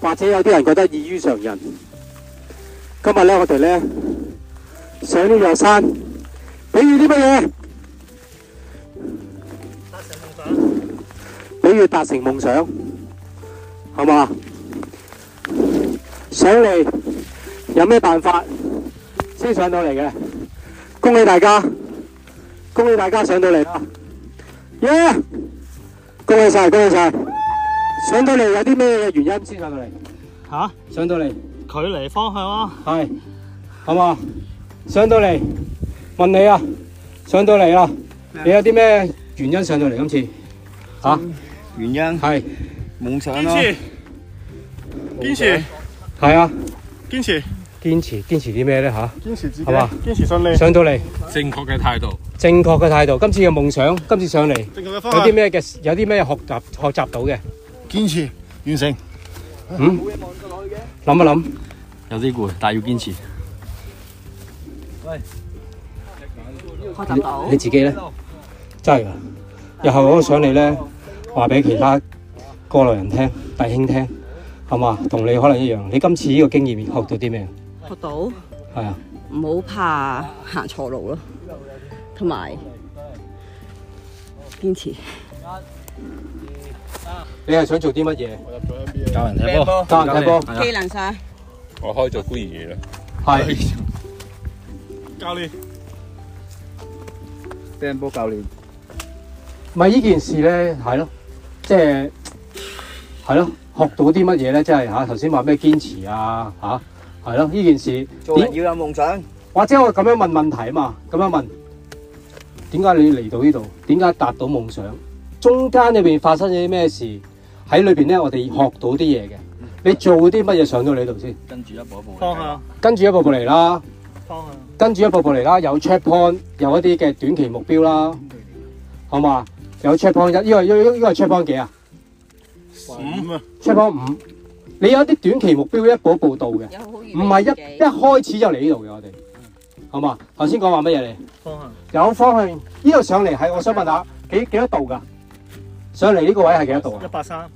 或者有啲人覺得異於常人。今日咧，我哋咧上呢座山，比喻啲乜嘢？達成夢想。比喻達成夢想，好冇？上嚟有咩辦法先上到嚟嘅？恭喜大家，恭喜大家上到嚟啦！耶！恭喜晒，恭喜晒。上到嚟有啲咩原因先上到嚟，吓？上到嚟，距離方向啊，係好唔好啊？上到嚟問你啊，上到嚟啊，你有啲咩原因上到嚟今次吓？原因係夢想啊，堅持係啊，堅持堅持堅持啲咩咧吓？堅持自己係嘛？堅持上嚟上到嚟，正確嘅態度，正確嘅態度。今次嘅夢想，今次上嚟有啲咩嘅？有啲咩學習學習到嘅？堅持完成，嗯，諗一諗，有啲攰，但係要堅持。喂，開得到。你自己咧，真係噶。日後我想你咧，話俾其他過來人聽、弟兄聽，係嘛？同你可能一樣。你今次呢個經驗學到啲咩？學到。係啊。唔好怕行錯路咯，同埋堅持。你係想做啲乜嘢？教人踢波，教人踢波，技能晒。我開咗孤兒院啦。係教練，踢波教練。咪呢件事咧，係咯，即係係咯，學到啲乜嘢咧？即係吓頭先話咩堅持啊，吓係咯呢件事。做人要有夢想。或者我咁樣問問題啊嘛，咁樣問，點解你嚟到呢度？點解達到夢想？中間裏邊發生咗啲咩事喺裏邊咧？我哋學到啲嘢嘅。你做啲乜嘢上到你度先？跟住一步一步方向，跟住一步步嚟啦。方向，跟住一步步嚟啦。有 check point，有一啲嘅短期目標啦。方向，好嘛？有 check point 一、呢個，呢、呢個呢個 check point 幾啊？五啊五，check point 五。你有啲短期目標，一步一步到嘅，唔係一幾？一開始就嚟呢度嘅。我哋好嘛？頭先講話乜嘢嚟？方向，方向有方向，呢度上嚟係，我想問下方向，幾幾多度噶？上嚟呢個位係幾多度啊？一百三，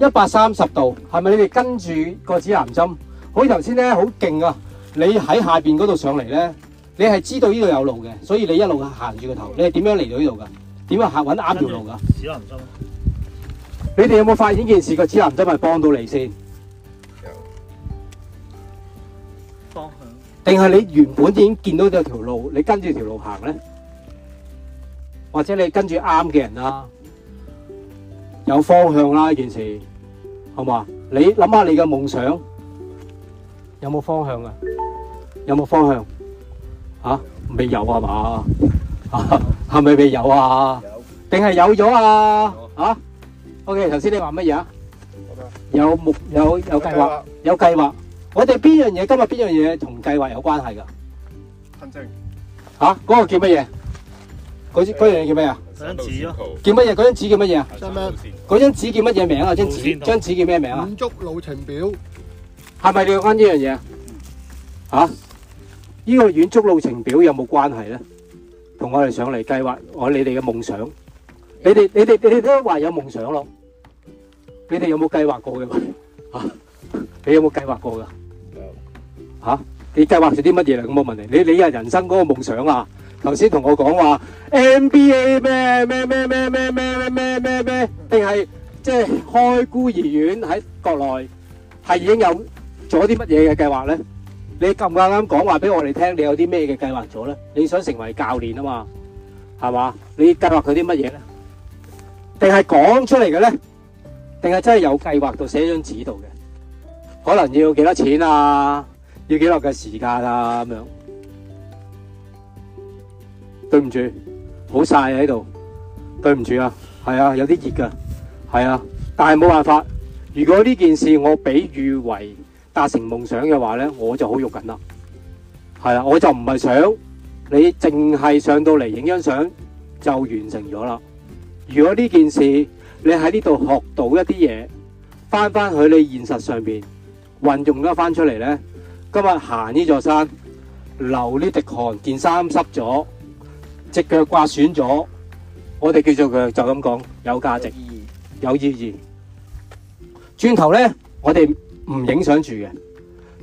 一百三十度，係咪你哋跟住個指南針？好似頭先咧，好勁啊！你喺下邊嗰度上嚟咧，你係知道呢度有路嘅，所以你一路行住個頭，你係點樣嚟到呢度噶？點樣行搵啱條路噶？指南針，你哋有冇發現呢件事個指南針係幫到你先？有方向，定係你原本已經見到咗條路，你跟住條路行咧，或者你跟住啱嘅人啦？有方向啦呢件事，好嘛？你諗下你嘅夢想有冇方向噶？有冇方向？吓，未有呀嘛？吓，係咪未有啊？有，定係有咗啊？吓，OK，頭先你話乜嘢啊？有目有有計劃，有計劃。我哋邊樣嘢今日邊樣嘢同計劃有關係噶？行程。吓，嗰個叫乜嘢？嗰嗰樣嘢叫咩啊？張紙咯，叫乜嘢？嗰張紙叫乜嘢啊？嗰張紙叫乜嘢名啊？張紙張紙叫咩名啊？遠足路程表係咪有關呢樣嘢啊？吓，呢個遠足路程表有冇關係咧？同我哋上嚟計劃我你哋嘅夢想，你哋你哋你哋都話有夢想咯，你哋有冇計劃過嘅？吓，你有冇計劃過噶？有。吓，你計劃咗啲乜嘢咧？咁我問你，你你嘅人生嗰個夢想啊？頭先同我講話 NBA 咩咩咩咩咩咩咩咩咩，定係即係開孤兒院喺國內，係已經有做咗啲乜嘢嘅計劃咧？你咁啱啱講話俾我哋聽，你有啲咩嘅計劃咗咧？你想成為教練啊嘛，係嘛？你計劃佢啲乜嘢咧？定係講出嚟嘅咧？定係真係有計劃到寫張紙度嘅？可能要幾多錢啊？要幾耐嘅時間啊？咁樣？對唔住，好晒喺度。對唔住啊，係啊，有啲熱噶，係啊，但係冇辦法。如果呢件事我比喻為達成夢想嘅話咧，我就好肉緊啦。係啊，我就唔係想你淨係上到嚟影張相就完成咗啦。如果呢件事你喺呢度學到一啲嘢，翻翻去你現實上邊運用得翻出嚟咧，今日行呢座山，流呢滴汗，件衫濕咗。隻腳掛損咗，我哋叫做佢就咁講，有價值，有意義。轉頭咧，我哋唔影響住嘅。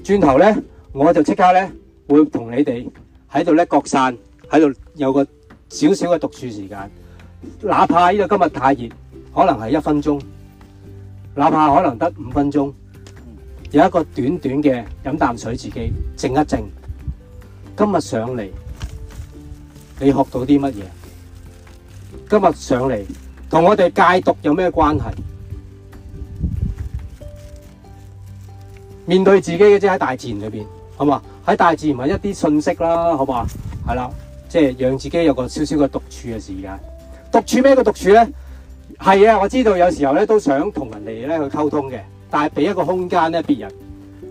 轉頭咧，我就即刻咧會同你哋喺度咧各散，喺度有個少少嘅獨處時間。哪怕呢度今日太熱，可能係一分鐘，哪怕可能得五分鐘，有一個短短嘅飲啖水，自己靜一靜。今日上嚟。你學到啲乜嘢？今日上嚟，同我哋戒毒有咩關係？面對自己嘅，即係，喺大自然裏邊，好嘛？喺大自然係一啲信息啦，好嘛？係啦，即係讓自己有個少少嘅獨處嘅時間。獨處咩叫獨處咧？係啊，我知道有時候咧都想同人哋咧去溝通嘅，但係俾一個空間咧，別人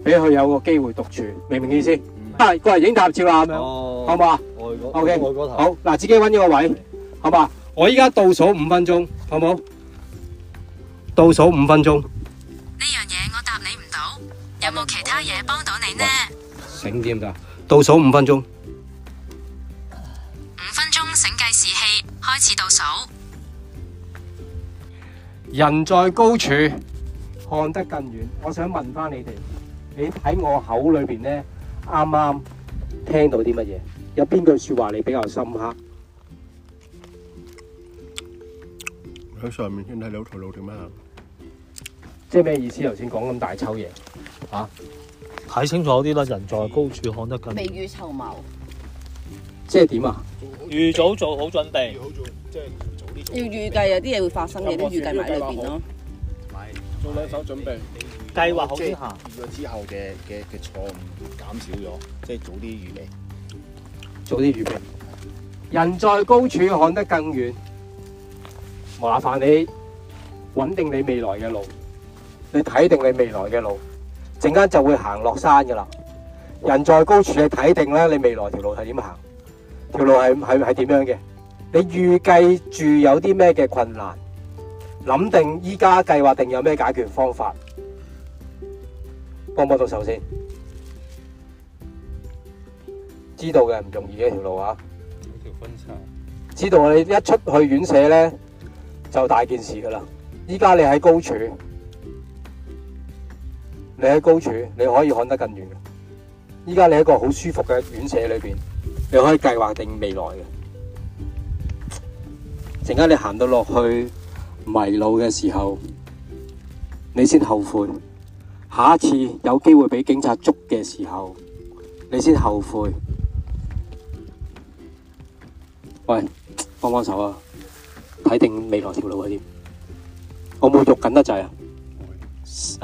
俾佢有個機會獨處，明唔明意思？啊！過嚟影合照啦，咁樣好唔好啊？OK，好嗱，自己搵呢個位，好唔好啊？我依家倒數五分鐘，好唔好？倒數五分鐘。呢樣嘢我答你唔到，有冇其他嘢幫到你呢？醒點㗎？倒數五分鐘。五分鐘醒計時器開始倒數。人在高處看得更遠。我想問翻你哋，你喺我口裏邊呢？啱啱聽到啲乜嘢？有邊句説話你比較深刻？喺上面見到兩條路點啊？即係咩意思？頭先講咁大抽嘢嚇，睇、啊、清楚啲啦！人在高處看得更。未雨綢繆，即係點啊？預早做好準備，即係、就是、要預計有啲嘢會發生，你都預計埋裏邊咯。做兩手準備。計劃好咗 Okay, 之後嘅嘅嘅錯誤會減少咗，即係早啲預備，早啲預備。人在高處看得更遠，麻煩你穩定你未來嘅路，你睇定你未來嘅路，陣間就會行落山噶啦。人在高處，你睇定咧，你未來條路係點行？條路係係係點樣嘅？你預計住有啲咩嘅困難，諗定依家計劃定有咩解決方法？幫唔幫到手先？知道嘅唔容易嘅一條路啊！知道我哋一出去院舍咧，就大件事㗎喇。依家你喺高處，你喺高處，你可以看得更遠。依家你喺一個好舒服嘅院舍裏邊，你可以計劃定未來嘅。陣間你行到落去迷路嘅時候，你先後悔。下次有機會俾警察捉嘅時候，你先後悔。喂，幫幫手啊！睇定未來條路點？我冇喐緊得滯啊！吓？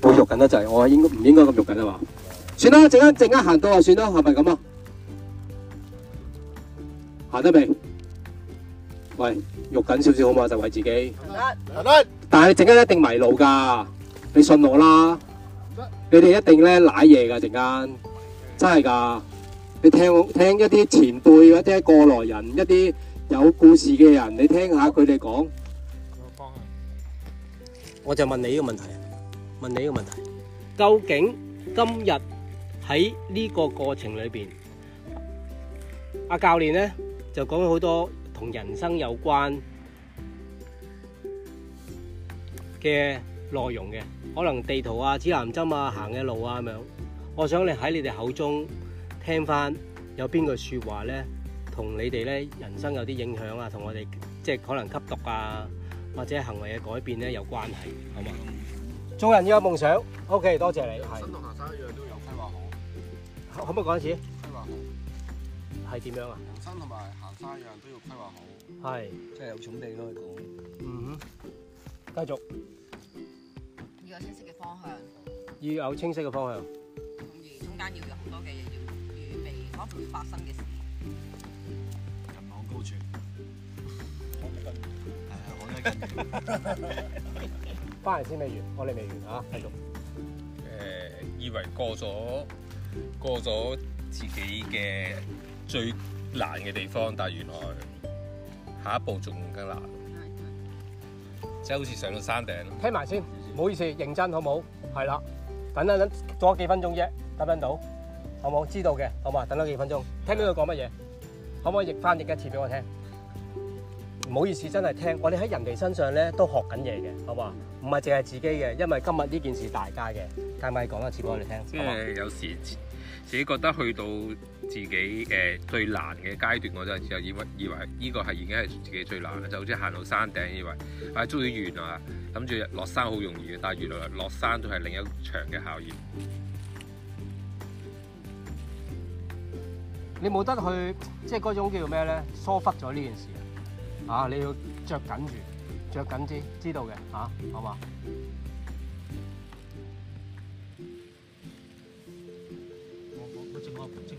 冇喐緊得滯，我應該唔應該咁喐緊啊嘛？算啦，陣間陣間行到啊，算啦，係咪咁啊？行得未？喂，喐緊少少好嘛，就為自己。行得，行得。但係你陣間一定迷路噶你信我啦。你哋一定咧瀨嘢噶陣間真係噶你聽聽一啲前輩，一啲過來人，一啲有故事嘅人，你聽下佢哋講。我就問你呢個問題，問你呢個問題。究竟今日喺呢個過程裏邊，阿教練咧就講咗好多同人生有關嘅內容嘅，可能地圖啊、指南針啊、行嘅路啊咁樣，我想你喺你哋口中聽翻有邊句說話咧，同你哋咧人生有啲影響啊，同我哋即係可能吸毒啊，或者行為嘅改變咧有關係，好嘛？做人要有夢想。OK，多謝你。係。同行山一樣都有規劃好，可唔可以講一次？規劃好係點樣啊？人生同埋行山一樣都要規劃好，係，即係有場地咯，你講。嗯。繼續，要有清晰嘅方向，要有清晰嘅方向，而中間要有好多嘅嘢要預備，可能會發生嘅事。人往高處，係啊，我呢邊。翻嚟先，未完，我哋未完啊！繼續。誒，以為過咗過咗自己嘅最難嘅地方，但係原來下一步仲更難。即係好似上到山頂。聽埋先，唔好意思，認真，好冇？係啦，等一等，仲有幾分鐘啫，等唔到，好冇？知道嘅，好冇？等多幾分鐘，聽到佢講乜嘢？可唔可以譯翻譯一次俾我聽？唔好意思，真係聽。我哋喺人哋身上咧都學緊嘢嘅，好冇？唔係淨係自己嘅，因為今日呢件事大家嘅，係咪講一次俾我哋聽？即係有時。自己覺得去到自己的最難嘅階段，我真係以為以為依個係已經係自己最難嘅，就好似行到山頂，以為啊哎、終於完啊，諗住落山好容易嘅，但係原來落山都係另一場嘅考驗。你冇得去，即係嗰種叫做咩咧？疏忽咗呢件事啊！你要着緊住，着緊啲知道嘅啊，好嘛？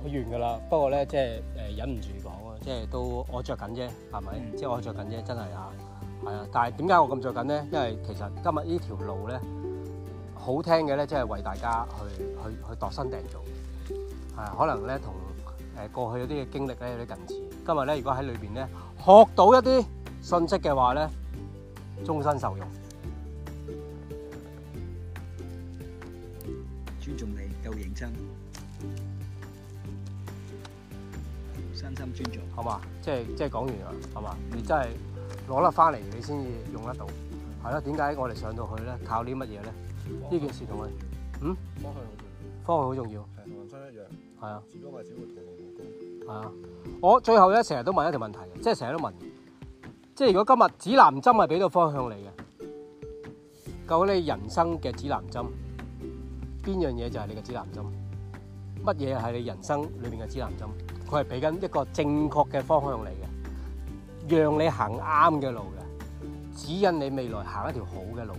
好完噶啦，不過咧，即係誒忍唔住講啊，即係都我着緊啫，係咪？即係、嗯、我着緊啫，真係啊，係啊。但係點解我咁着緊咧？因為其實今日呢條路咧，好聽嘅咧，即係為大家去去去度身訂造，係可能咧同誒過去的有啲嘅經歷咧有啲近似。今日咧如果喺裏邊咧學到一啲信息嘅話咧，終身受用。尊重你，夠認真。真心尊重，好嘛？即係即係講完啦，好嘛？你真係攞得翻嚟，你先至用得到。係咯。點解我哋上到去咧？靠啲乜嘢咧？呢向件事同佢，嗯？方向好重要。方向好重要。係同人生一樣。係啊的。始終係小活動嚟嘅。係啊。我最後咧成日都問一條問題，即係成日都問，即係如果今日指南針係俾到方向你嘅，究竟你人生嘅指南針邊樣嘢就係你嘅指南針？乜嘢係你人生裏邊嘅指南針？佢係俾緊一個正確嘅方向嚟嘅，讓你行啱嘅路嘅，指引你未來行一條好嘅路嘅。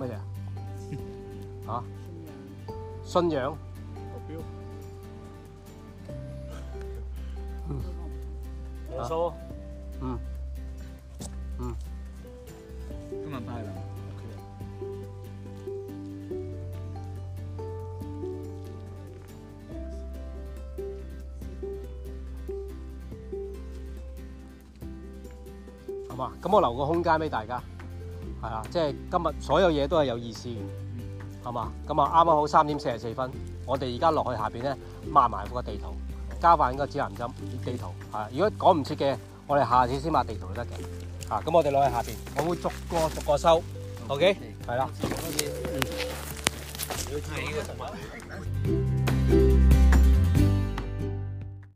乜嘢啊？嚇？信仰。目標。耶穌。嗯。嗯。今日拜啦。咁、啊、我留個空間俾大家，係啊，即係今日所有嘢都係有意思嘅，係嘛，咁啊啱啱好三點四十四分，我哋而家落去下邊咧，抹埋幅個地圖，交翻個指南針、地圖，係如果講唔切嘅，我哋下次先抹地圖都得嘅，啊，咁我哋落去下邊，我會逐個逐個收，OK，係啦。